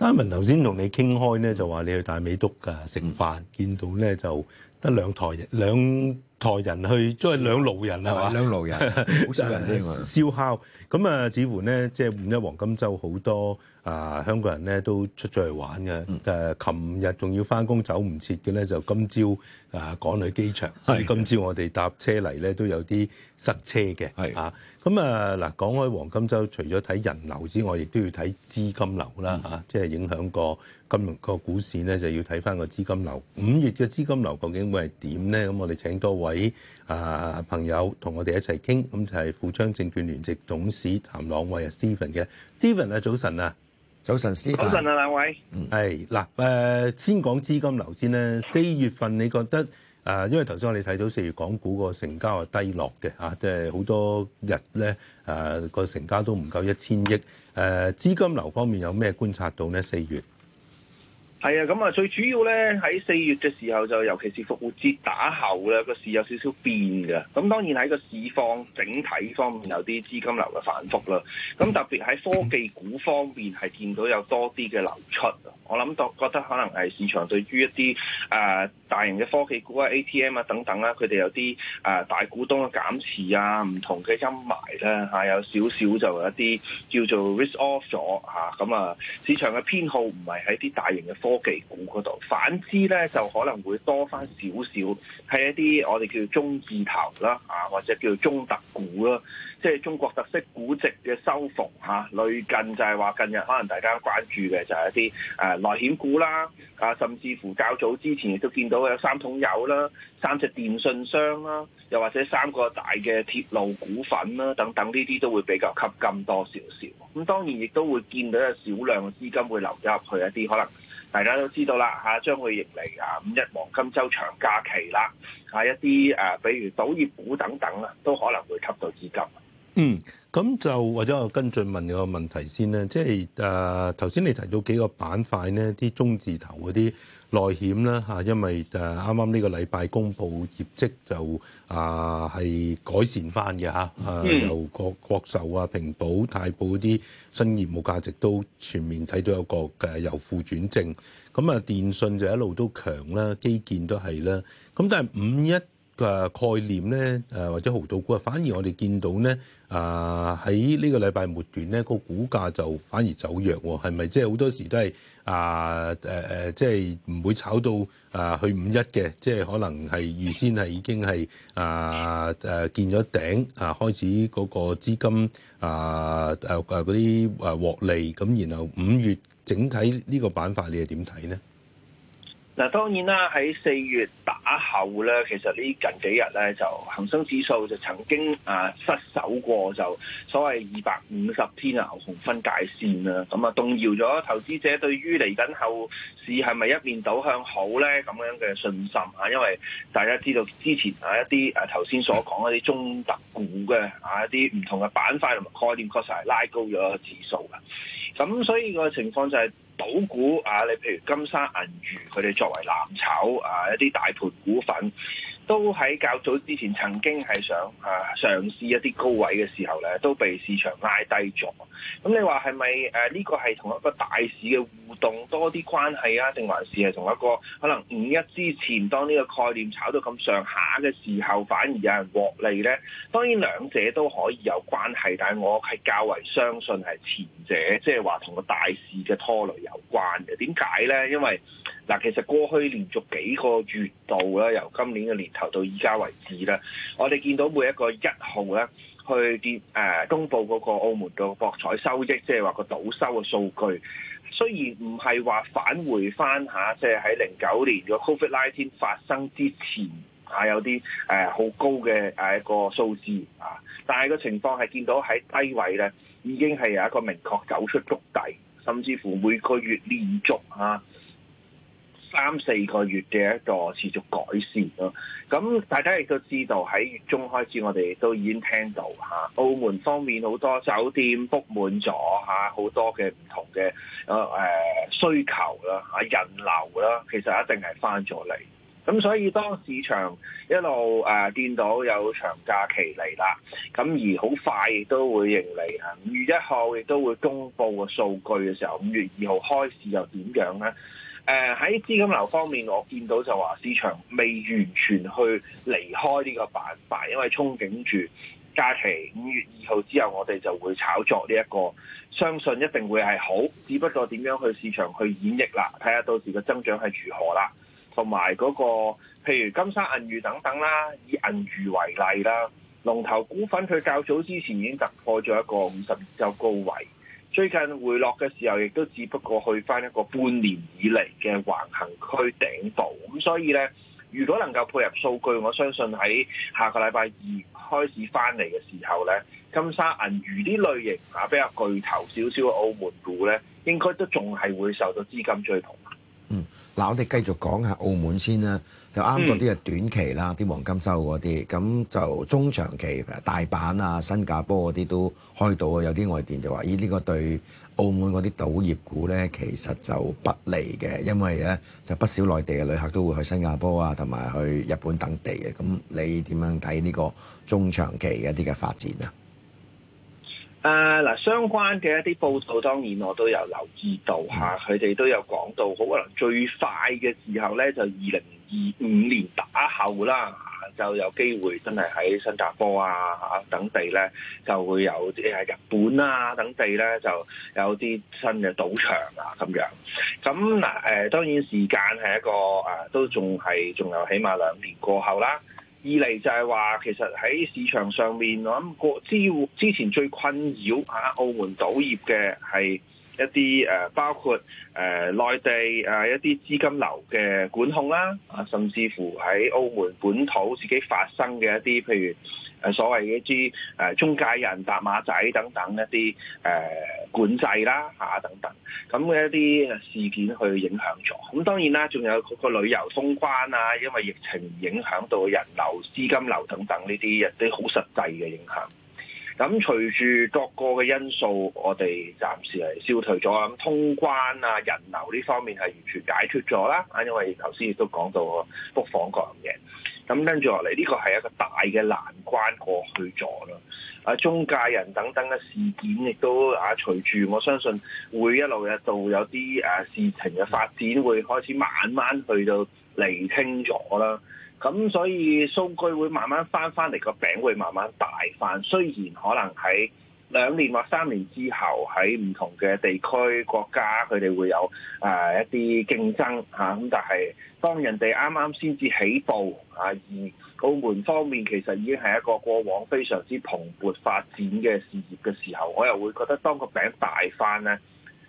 三文頭先同你傾開咧，就話你去大美督㗎食飯，嗯，見到咧就。得兩台人，兩台人去，即、就、係、是、兩路人係嘛？兩路人，好少人添 燒烤咁啊，似乎咧即係五一黃金週好多啊，香港人咧都出咗去玩嘅。誒、嗯，琴日仲要翻工走唔切嘅咧，就今朝啊趕去機場。所以今朝我哋搭車嚟咧都有啲塞車嘅。係啊，咁啊嗱，講開黃金週，除咗睇人流之外，亦都要睇資金流啦嚇、啊，即係影響個。金融個股市咧，就要睇翻個資金流。五月嘅資金流究竟會係點咧？咁我哋請多位啊朋友同我哋一齊傾。咁就係富昌證券聯席董事譚朗蔚啊，Steven 嘅 Steven 啊，早晨啊，早晨，Steven。早晨啊，兩位。嗯，嗱誒、呃，先講資金流先咧。四月份你覺得啊、呃，因為頭先我哋睇到四月港股個成交係低落嘅嚇，即係好多日咧啊個成交都唔夠一千億。誒、呃，資金流方面有咩觀察到咧？四月？係啊，咁啊最主要咧喺四月嘅時候就，尤其是復活節打後咧個市有少少變嘅。咁當然喺個市況整體方面有啲資金流嘅反覆啦。咁特別喺科技股方面係見到有多啲嘅流出，我諗就覺得可能係市場對於一啲誒。呃大型嘅科技股啊、ATM 啊等等啦，佢哋有啲啊大股東嘅減持啊，唔同嘅陰霾啦嚇，有少少就有一啲叫做 risk off 咗吓，咁啊市場嘅偏好唔係喺啲大型嘅科技股嗰度，反之咧就可能會多翻少少喺一啲我哋叫做中字頭啦吓，或者叫做中特股啦。即係中國特色估值嘅收復嚇，最、啊、近就係話近日可能大家關注嘅就係一啲誒、啊、內險股啦，啊甚至乎較早之前亦都見到有三桶油啦、三隻電信商啦，又或者三個大嘅鐵路股份啦，等等呢啲都會比較吸金多少少。咁、啊、當然亦都會見到有少量嘅資金會流入去一啲，可能大家都知道啦嚇、啊，將會迎嚟啊五一黃金週長假期啦，啊、一啲誒、啊、比如賭業股等等、啊、都可能會吸到資金。嗯，咁就或者我跟進問你個問題先啦。即係誒頭先你提到幾個板塊呢啲中字頭嗰啲內險啦、啊、因為誒啱啱呢個禮拜公布業績就啊係改善翻嘅嚇，由國國壽啊、平保、泰保啲新業務價值都全面睇到有個誒由負轉正，咁啊電信就一路都強啦，基建都係啦，咁、啊、但係五一。個概念咧，誒或者濠賭股啊，反而我哋見到咧，啊喺呢個禮拜末段咧，個股價就反而走弱，係咪？即係好多時都係啊誒，誒、呃呃，即係唔會炒到啊去五一嘅，即係可能係預先係已經係啊誒，見咗頂啊，開始嗰個資金啊誒誒啲誒獲利，咁然後五月整體呢個板塊，你係點睇咧？嗱，當然啦，喺四月打後咧，其實呢近幾日咧就恒生指數就曾經啊失守過，就所謂二百五十天啊牛熊分界線啊，咁啊動搖咗投資者對於嚟緊後市係咪一面倒向好咧咁樣嘅信心啊，因為大家知道之前一啲啊剛才一啲啊頭先所講嗰啲中特股嘅啊一啲唔同嘅板塊同埋概念，確實係拉高咗指數嘅，咁、啊、所以個情況就係、是。賭股啊，你譬如金沙銀娛，佢哋作為藍籌啊，一啲大盤股份都喺較早之前曾經係想啊嘗試一啲高位嘅時候咧，都被市場拉低咗。咁你話係咪誒呢個係同一個大市嘅互動多啲關係啊？定還是係同一個可能五一之前當呢個概念炒到咁上下嘅時候，反而有人獲利呢？當然兩者都可以有關係，但係我係較為相信係前者，即係話同個大市嘅拖累有關嘅。點解呢？因為嗱，其實過去連續幾個月度啦，由今年嘅年頭到而家為止啦，我哋見到每一個一號咧。去啲誒，公布嗰個澳門個博彩收益，即係話個賭收嘅數據。雖然唔係話返回翻下，即係喺零九年嘅 COVID nineteen 發生之前啊，有啲誒好高嘅誒一個數字啊。但係個情況係見到喺低位咧，已經係有一個明確走出谷底，甚至乎每個月連續啊。三四個月嘅一個持續改善咯，咁大家亦都知道喺月中開始，我哋都已經聽到嚇、啊，澳門方面好多酒店 book 滿咗嚇，好多嘅唔同嘅誒需求啦、啊、嚇人流啦、啊，其實一定係翻咗嚟。咁所以當市場一路誒、啊、見到有長假期嚟啦，咁而好快亦都會迎嚟五、啊、月一號亦都會公布個數據嘅時候，五月二號開市又點樣呢？誒喺資金流方面，我見到就話市場未完全去離開呢個板塊，因為憧憬住假期五月二號之後，我哋就會炒作呢、這、一個，相信一定會係好，只不過點樣去市場去演繹啦，睇下到時嘅增長係如何啦，同埋嗰個譬如金沙銀娛等等啦，以銀娛為例啦，龍頭股份佢較早之前已經突破咗一個五十二週高位。最近回落嘅時候，亦都只不過去翻一個半年以嚟嘅橫行區頂部，咁所以呢，如果能夠配合數據，我相信喺下個禮拜二開始翻嚟嘅時候呢，金沙銀娛啲類型啊，比較巨頭少少嘅澳門股呢，應該都仲係會受到資金追捧。嗯，嗱，我哋繼續講下澳門先啦。就啱嗰啲係短期啦，啲黃金周嗰啲。咁就中長期，大阪啊、新加坡嗰啲都開到啊。有啲外電就話：咦，呢個對澳門嗰啲賭業股呢，其實就不利嘅，因為呢，就不少內地嘅旅客都會去新加坡啊，同埋去日本等地嘅。咁你點樣睇呢個中長期嘅一啲嘅發展啊？誒，嗱，相關嘅一啲報道，當然我都有留意到吓，啊、佢哋都有講到，好可能最快嘅時候咧，就二零二五年打後啦，就有機會真係喺新加坡啊、啊等地咧，就會有誒、啊、日本啊等地咧，就有啲新嘅賭場啊咁樣。咁、啊、嗱，誒、呃，當然時間係一個誒、啊，都仲係仲有起碼兩年過後啦。二嚟就係話，其實喺市場上面，我諗過之之前最困擾吓，澳門賭業嘅係。一啲誒包括誒內地誒一啲資金流嘅管控啦，甚至乎喺澳門本土自己發生嘅一啲，譬如誒所謂嘅一啲誒中介人搭馬仔等等一啲誒管制啦嚇、啊、等等，咁嘅一啲事件去影響咗。咁當然啦，仲有個旅遊封關啊，因為疫情影響到人流、資金流等等呢啲一啲好實際嘅影響。咁隨住各個嘅因素，我哋暫時係消退咗啦。咁通關啊、人流呢方面係完全解決咗啦。啊，因為頭先亦都講到 book 房嗰樣嘢。咁跟住落嚟，呢、這個係一個大嘅難關過去咗啦啊，中介人等等嘅事件亦都啊，隨住我相信會一路一度有啲誒事情嘅發展，會開始慢慢去到厘清咗啦。咁所以數據會慢慢翻翻嚟，那個餅會慢慢大翻。雖然可能喺兩年或三年之後，喺唔同嘅地區國家，佢哋會有誒一啲競爭吓，咁、啊、但係當人哋啱啱先至起步啊，而澳門方面其實已經係一個過往非常之蓬勃發展嘅事業嘅時候，我又會覺得當個餅大翻咧，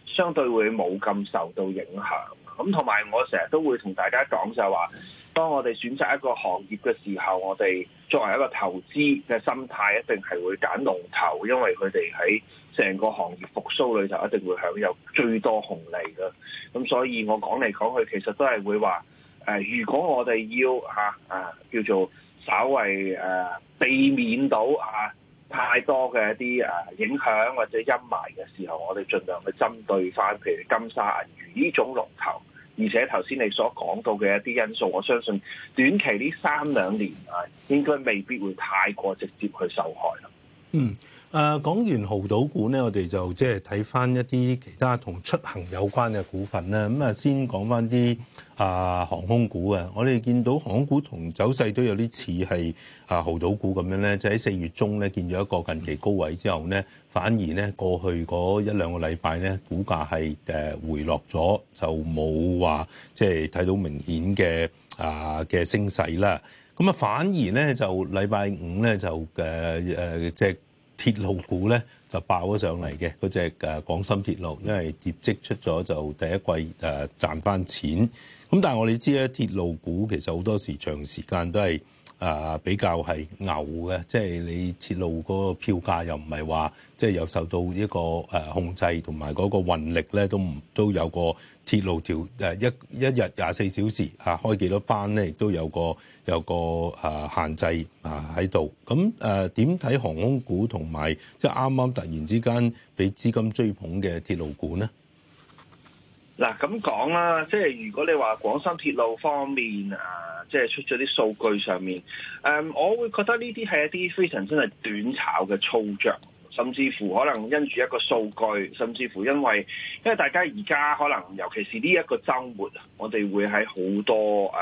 相對會冇咁受到影響。咁同埋我成日都會同大家講就係話，當我哋選擇一個行業嘅時候，我哋作為一個投資嘅心態，一定係會揀龍頭，因為佢哋喺成個行業復甦裏就一定會享有最多紅利嘅。咁所以，我講嚟講去，其實都係會話、呃、如果我哋要、啊啊、叫做稍為、啊、避免到啊，太多嘅一啲誒影響或者陰霾嘅時候，我哋盡量去針對翻，譬如金沙銀娛呢種龍頭，而且頭先你所講到嘅一啲因素，我相信短期呢三兩年啊，應該未必會太過直接去受害啦。嗯，誒、啊、講完豪賭股咧，我哋就即係睇翻一啲其他同出行有關嘅股份啦。咁啊，先講翻啲啊航空股啊。我哋見到航空股同走勢都有啲似係啊豪賭股咁樣咧，就喺、是、四月中咧見咗一個近期高位之後咧，反而咧過去嗰一兩個禮拜咧，股價係誒回落咗，就冇話即係睇到明顯嘅啊嘅升勢啦。咁啊，反而咧就禮拜五咧就誒誒隻鐵路股咧就爆咗上嚟嘅，嗰隻誒廣深鐵路，因為業績出咗就第一季誒賺返錢。咁但係我哋知咧，鐵路股其實好多時長時間都係啊比較係牛嘅，即係你鐵路嗰個票價又唔係話即係又受到一個誒控制，同埋嗰個運力咧都唔都有個鐵路條誒一一日廿四小時啊開幾多班咧，亦都有個有個啊限制啊喺度。咁誒點睇航空股同埋即係啱啱突然之間俾資金追捧嘅鐵路股咧？嗱咁講啦，即係如果你話廣深鐵路方面啊，即係出咗啲數據上面，誒、嗯，我會覺得呢啲係一啲非常真係短炒嘅操作，甚至乎可能因住一個數據，甚至乎因為因為大家而家可能，尤其是呢一個周末，我哋會喺好多誒、啊、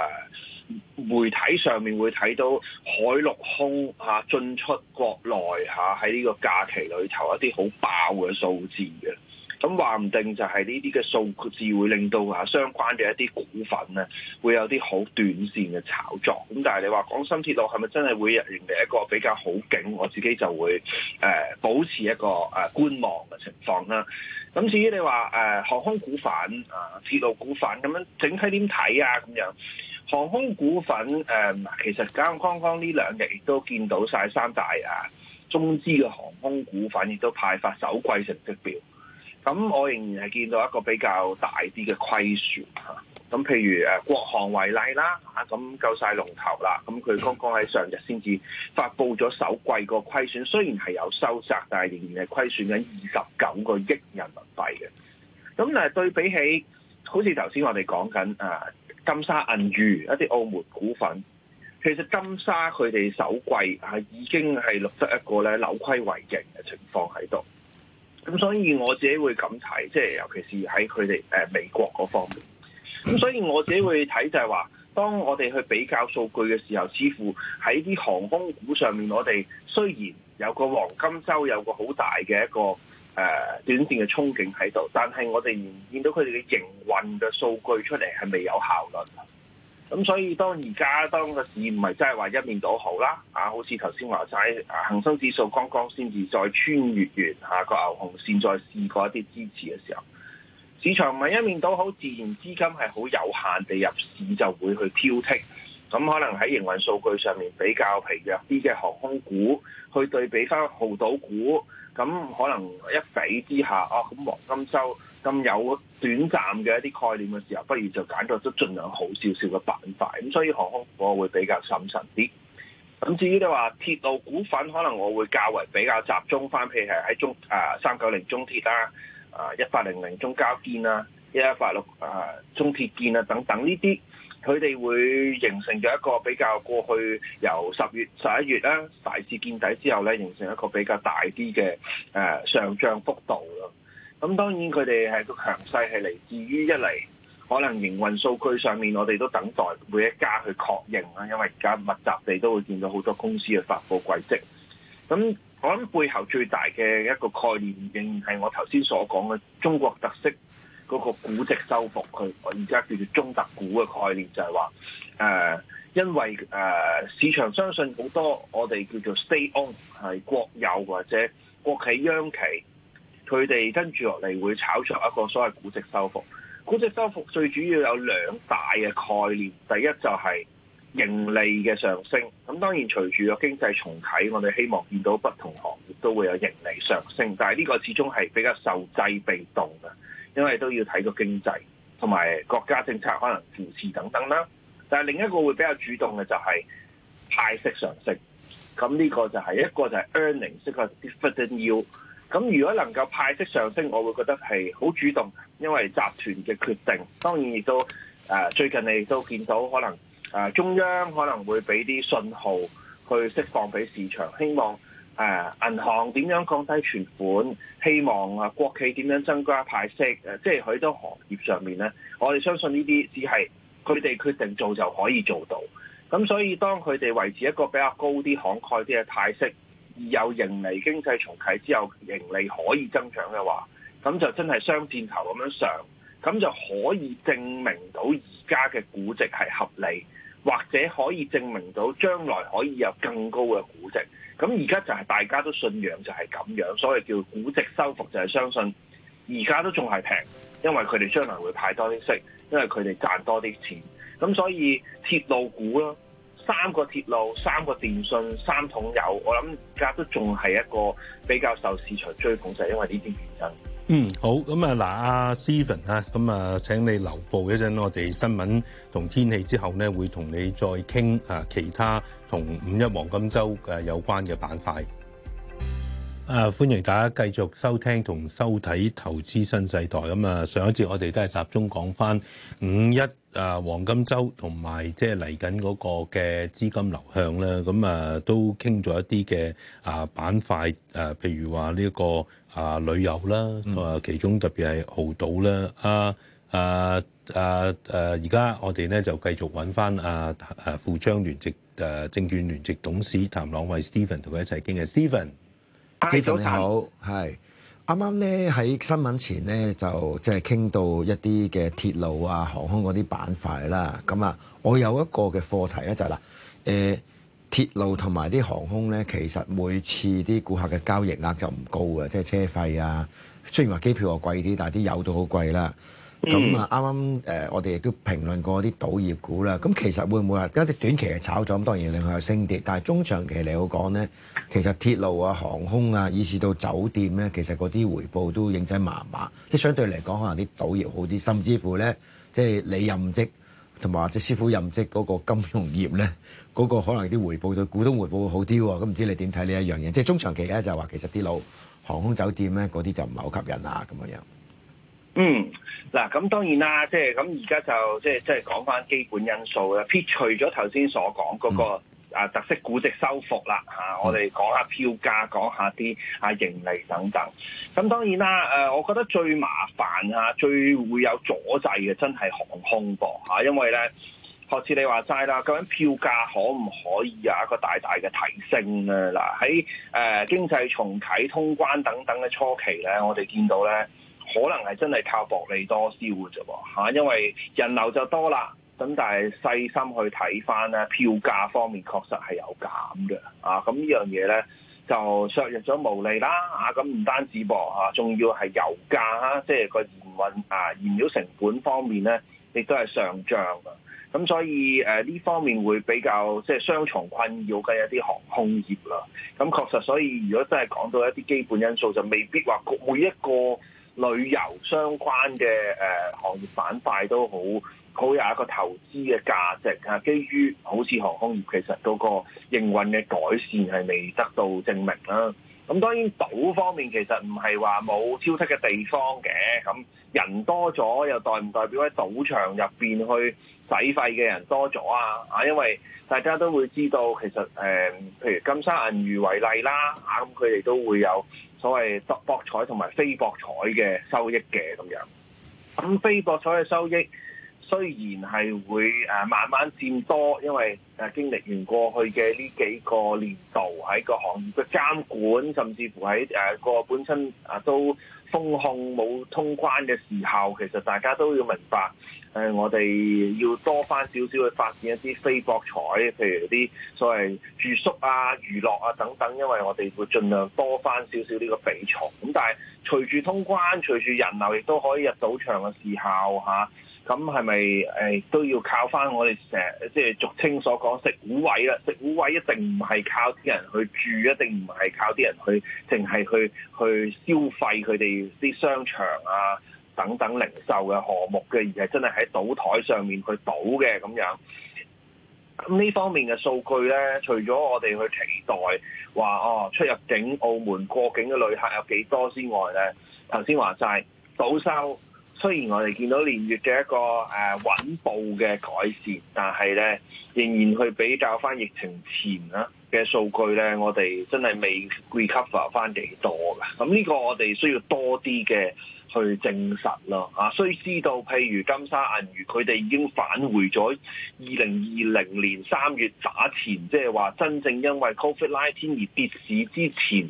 媒體上面會睇到海陸空嚇進、啊、出國內喺呢個假期裏頭一啲好爆嘅數字嘅。咁話唔定就係呢啲嘅數字會令到啊相關嘅一啲股份咧，會有啲好短線嘅炒作。咁但係你話港深鐵路係咪真係會迎嚟一個比較好景？我自己就會誒保持一個誒觀望嘅情況啦。咁至於你話誒航空股份啊、鐵路股份咁樣整體點睇啊？咁樣航空股份誒，其實咁剛剛呢兩日亦都見到晒三大啊中資嘅航空股份亦都派發首季成績表。咁我仍然係見到一個比較大啲嘅虧損嚇，咁譬如誒國航為例啦嚇，咁夠晒龍頭啦，咁佢剛剛喺上日先至發布咗首季個虧損，雖然係有收窄，但係仍然係虧損緊二十九個億人民幣嘅。咁但係對比起，好似頭先我哋講緊啊金沙銀娛一啲澳門股份，其實金沙佢哋首季係、啊、已經係錄得一個咧扭虧為盈嘅情況喺度。咁所以我自己會咁睇，即係尤其是喺佢哋誒美國嗰方面。咁所以我自己會睇就係話，當我哋去比較數據嘅時候，似乎喺啲航空股上面，我哋雖然有個黃金周有個好大嘅一個誒、呃、短線嘅憧憬喺度，但係我哋見到佢哋嘅營運嘅數據出嚟係未有效率。咁所以當而家當個市唔係真係話一面倒好啦，啊，好似頭先話齋，恒生指數剛剛先至再穿越完下個、啊、牛熊線，再試過一啲支持嘅時候，市場唔係一面倒好，自然資金係好有限地入市，就會去挑剔，咁可能喺營運數據上面比較疲弱啲嘅航空股，去對比翻濠賭股，咁可能一比之下，哦咁黃金周咁有短暫嘅一啲概念嘅時候，不如就揀咗啲儘量好少少嘅板塊。咁所以航空我會比較審慎啲。咁至於你話鐵路股份，可能我會較為比較集中翻，譬如係喺中誒三九零中鐵啦，誒一八零零中交建啦，一一八六、呃、中鐵建啊等等呢啲，佢哋會形成咗一個比較過去由十月十一月啦大致見底之後咧，形成一個比較大啲嘅、呃、上漲幅度咯。咁當然佢哋係個強勢係嚟自於一嚟可能營運數據上面，我哋都等待每一家去確認啦。因為而家密集地都會見到好多公司嘅發佈季績。咁我諗背後最大嘅一個概念，仍然係我頭先所講嘅中國特色嗰個估值修復，佢我而家叫做中特股嘅概念就，就係話誒，因為誒、呃、市場相信好多我哋叫做 stay on 係國有或者國企央企。佢哋跟住落嚟會炒出一個所謂估值收復，估值收復最主要有兩大嘅概念，第一就係盈利嘅上升。咁當然隨住個經濟重啟，我哋希望見到不同行業都會有盈利上升，但係呢個始終係比較受制被動嘅，因為都要睇個經濟同埋國家政策可能扶持等等啦。但係另一個會比較主動嘅就係派息上升，咁呢個就係一個就係 earnings 即係 dividend yield 咁如果能夠派息上升，我會覺得係好主動，因為集團嘅決定，當然亦都最近你都見到可能中央可能會俾啲信號去釋放俾市場，希望誒、啊、銀行點樣降低存款，希望啊國企點樣增加派息，即係佢都行業上面咧，我哋相信呢啲只係佢哋決定做就可以做到。咁所以當佢哋維持一個比較高啲慷慨啲嘅派息，而有盈利、經濟重啟之後盈利可以增長嘅話，咁就真係雙箭頭咁樣上，咁就可以證明到而家嘅估值係合理，或者可以證明到將來可以有更高嘅估值。咁而家就係大家都信仰就係咁樣，所謂叫估值修復就係相信而家都仲係平，因為佢哋將來會派多啲息，因為佢哋賺多啲錢，咁所以鐵路股咯。三個鐵路、三個電信、三桶油，我諗而家都仲係一個比較受市場追捧，就係因為呢啲原因。嗯，好。咁啊，嗱，阿 Stephen 啊，咁啊，請你留步一陣，我哋新聞同天氣之後咧，會同你再傾啊、呃，其他同五一黃金週嘅有關嘅板塊。啊！歡迎大家繼續收聽同收睇《投資新世代》咁啊。上一節我哋都係集中講翻五一啊，黃金周同埋即係嚟緊嗰個嘅資金流向啦。咁啊，啊，都傾咗一啲嘅啊板塊啊，譬、啊、如話呢、這個啊旅遊啦，同、啊、埋其中特別係澳島啦啊啊啊！誒、啊，而、啊、家、啊啊、我哋咧就繼續揾翻啊啊富昌聯席誒證券聯席董事譚朗蔚、嗯、Stephen 同佢一齊傾嘅 Stephen Stephen 你好，係啱啱咧喺新聞前咧就即係傾到一啲嘅鐵路啊、航空嗰啲板塊啦。咁啊，我有一個嘅課題咧就係、是、嗱，誒鐵路同埋啲航空咧，其實每次啲顧客嘅交易額就唔高嘅，即係車費啊。雖然話機票啊貴啲，但係啲油都好貴啦。咁、嗯、啊，啱啱誒，我哋亦都評論過啲賭業股啦。咁其實會唔會話一啲短期嘅炒作？咁當然另佢有升跌，但係中長期嚟講咧，其實鐵路啊、航空啊，以至到酒店咧，其實嗰啲回報都認真麻麻。即係相對嚟講可能啲賭業好啲，甚至乎咧，即係你任職同埋或者師傅任職嗰個金融業咧，嗰、嗰個可能啲回報對股東回報會好啲喎。咁唔知你點睇呢一樣嘢？即係中長期咧，就話其實啲路、航空、酒店咧，嗰啲就唔係好吸引啊咁樣樣。嗯，嗱，咁當然啦，即係咁而家就即係即係講翻基本因素啦。撇除咗頭先所講嗰個啊特色估值修復啦，我哋講下票價，講下啲啊盈利等等。咁當然啦，我覺得最麻煩，最會有阻滯嘅，真係航空噃，因為咧，學似你話齋啦，究竟票價可唔可以有一個大大嘅提升咧？嗱，喺誒經濟重啟通關等等嘅初期咧，我哋見到咧。可能係真係靠薄利多銷嘅啫，嚇，因為人流就多啦，咁但係細心去睇翻咧，票價方面確實係有減嘅，啊，咁呢樣嘢咧就削弱咗毛利啦，嚇、啊，咁唔單止噃嚇，仲、啊、要係油價，即係個營運啊燃料成本方面咧，亦都係上漲嘅，咁所以誒呢、啊、方面會比較即係、就是、雙重困擾嘅一啲航空業啦。咁確實，所以如果真係講到一啲基本因素，就未必話每一個。旅遊相關嘅誒、呃、行業板塊都好，好有一個投資嘅價值啊！基於好似航空業，其實嗰個營運嘅改善係未得到證明啦。咁、啊、當然賭方面其實唔係話冇消息嘅地方嘅，咁、啊、人多咗又代唔代表喺賭場入邊去使費嘅人多咗啊？啊，因為大家都會知道，其實誒、啊，譬如金沙銀娛為例啦，啊，咁佢哋都會有。所謂博博彩同埋非博彩嘅收益嘅，咁樣，咁非博彩嘅收益雖然係會誒慢慢佔多，因為誒經歷完過去嘅呢幾個年度喺個行業嘅監管，甚至乎喺誒個本身啊都封控冇通關嘅時候，其實大家都要明白。呃、我哋要多翻少少去發展一啲非博彩，譬如啲所謂住宿啊、娛樂啊等等，因為我哋會盡量多翻少少呢個比重。咁但係隨住通關、隨住人流，亦都可以入賭場嘅時候嚇。咁係咪誒、都要靠翻我哋成即係俗稱所講食糊位啦？食糊位，位一定唔係靠啲人去住，一定唔係靠啲人去，淨係去去消費佢哋啲商場啊？等等零售嘅項目嘅，而係真係喺賭台上面去賭嘅咁樣。咁呢方面嘅數據咧，除咗我哋去期待話哦，出入境澳門過境嘅旅客有幾多之外咧，頭先話曬賭收，雖然我哋見到連月嘅一個誒、啊、穩步嘅改善，但係咧仍然去比較翻疫情前啦嘅數據咧，我哋真係未 recover 翻幾多嘅。咁呢個我哋需要多啲嘅。去證實咯嚇，須知道譬如金沙銀娛佢哋已經返回咗二零二零年三月打前，即係話真正因為 Covid 19而跌市之前，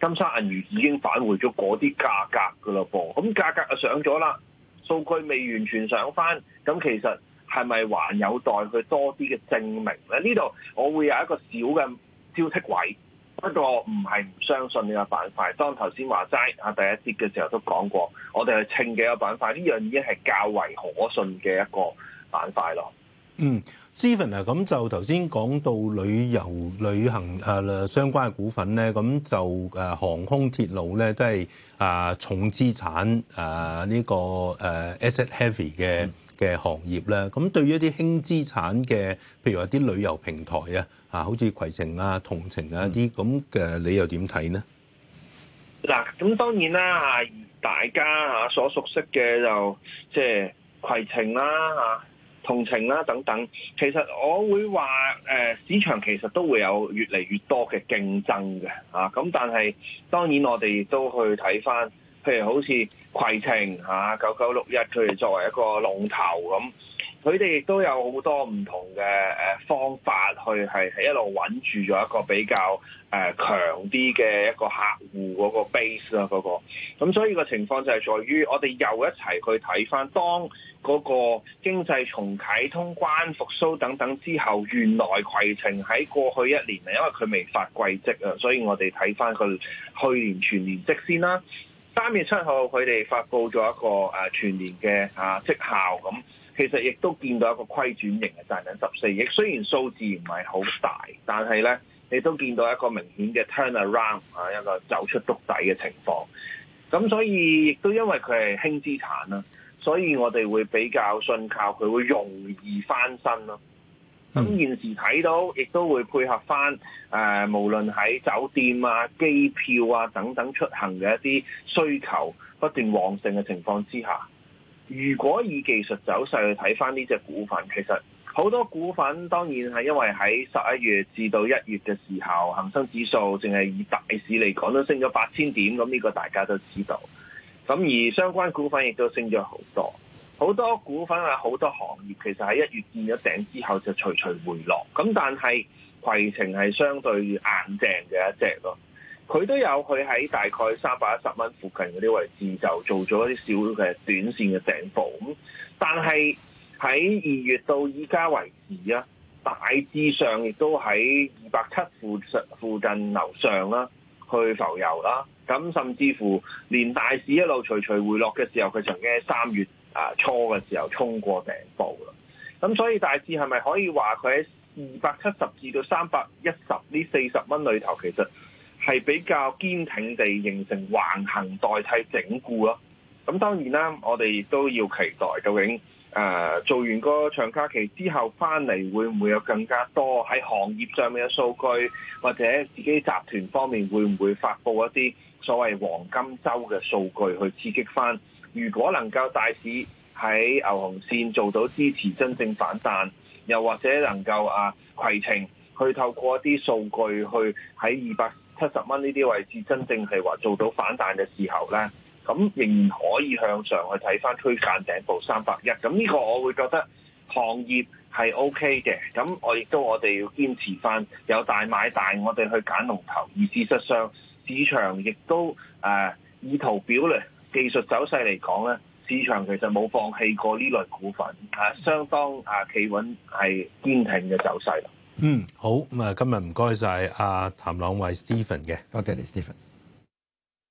金沙銀娛已經返回咗嗰啲價格噶啦噃，咁價格啊上咗啦，數據未完全上翻，咁其實係咪還有待佢多啲嘅證明咧？呢度我會有一個小嘅挑剔位。不過唔係唔相信呢個板塊，當頭先話齋啊，第一節嘅時候都講過，我哋係稱幾個板塊，呢樣已經係較為可信嘅一個板塊咯。嗯，Stephen 啊，咁就頭先講到旅遊、旅行啊相關嘅股份咧，咁就誒、啊、航空、鐵路咧都係啊重資產啊呢、這個誒、啊、asset heavy 嘅。嗯嘅行業啦，咁對於一啲輕資產嘅，譬如話啲旅遊平台啊，啊，好似攜程啊、同程啊啲咁嘅，嗯、你又點睇呢？嗱，咁當然啦，而大家嚇所熟悉嘅就即係攜程啦、啊、嚇同程啦、啊、等等。其實我會話誒，市場其實都會有越嚟越多嘅競爭嘅啊。咁但係當然我哋都去睇翻。譬如好似攜程吓九九六一，佢、啊、哋作為一個龍頭咁，佢哋亦都有好多唔同嘅誒方法去係一路穩住咗一個比較誒強啲嘅一個客戶嗰、嗰個 base 啦、嗰個，嗰個咁，所以個情況就係在於我哋又一齊去睇翻，當嗰個經濟重啟、通關復蘇等等之後，原來攜程喺過去一年啊，因為佢未發季績啊，所以我哋睇翻佢去年全年績先啦。三月七號，佢哋發佈咗一個誒全年嘅啊績效咁，其實亦都見到一個虧轉型，嘅，賺緊十四億。雖然數字唔係好大，但係咧，你都見到一個明顯嘅 turnaround 啊，一個走出谷底嘅情況。咁所以亦都因為佢係輕資產啦，所以我哋會比較信靠佢，佢會容易翻身咯。咁、嗯、現時睇到，亦都會配合翻誒、呃，無論喺酒店啊、機票啊等等出行嘅一啲需求不斷旺盛嘅情況之下，如果以技術走勢去睇翻呢隻股份，其實好多股份當然係因為喺十一月至到一月嘅時候，恒生指數淨係以大市嚟講都升咗八千點，咁呢個大家都知道。咁而相關股份亦都升咗好多。好多股份啊，好多行業其實喺一月見咗頂之後就徐徐回落，咁但係攜程係相對硬淨嘅一隻咯，佢都有佢喺大概三百一十蚊附近嗰啲位置就做咗一啲小嘅短線嘅頂部，咁但係喺二月到依家為止啊，大致上亦都喺二百七附附近樓上啦，去浮遊啦，咁甚至乎連大市一路徐徐回落嘅時候，佢曾經喺三月。啊初嘅時候衝過頂部啦，咁所以大致係咪可以話佢喺二百七十至到三百一十呢四十蚊裏頭，其實係比較堅挺地形成橫行代替整固咯。咁當然啦，我哋都要期待究竟誒、呃、做完個長假期之後翻嚟，會唔會有更加多喺行業上面嘅數據，或者自己集團方面會唔會發布一啲所謂黃金周嘅數據去刺激翻？如果能夠大市喺牛熊線做到支持，真正反彈，又或者能夠啊攜程去透過一啲數據去喺二百七十蚊呢啲位置真正係話做到反彈嘅時候呢，咁仍然可以向上去睇翻區間頂部三百一。咁呢個我會覺得行業係 O K 嘅。咁我亦都我哋要堅持翻有大買大，我哋去揀龍頭。而事實上市場亦都誒、呃、意圖表咧。技術走勢嚟講咧，市場其實冇放棄過呢類股份，啊，相當啊企穩係堅挺嘅走勢啦。嗯，好咁啊，今日唔該晒阿譚朗蔚 Stephen 嘅，多謝你 Stephen。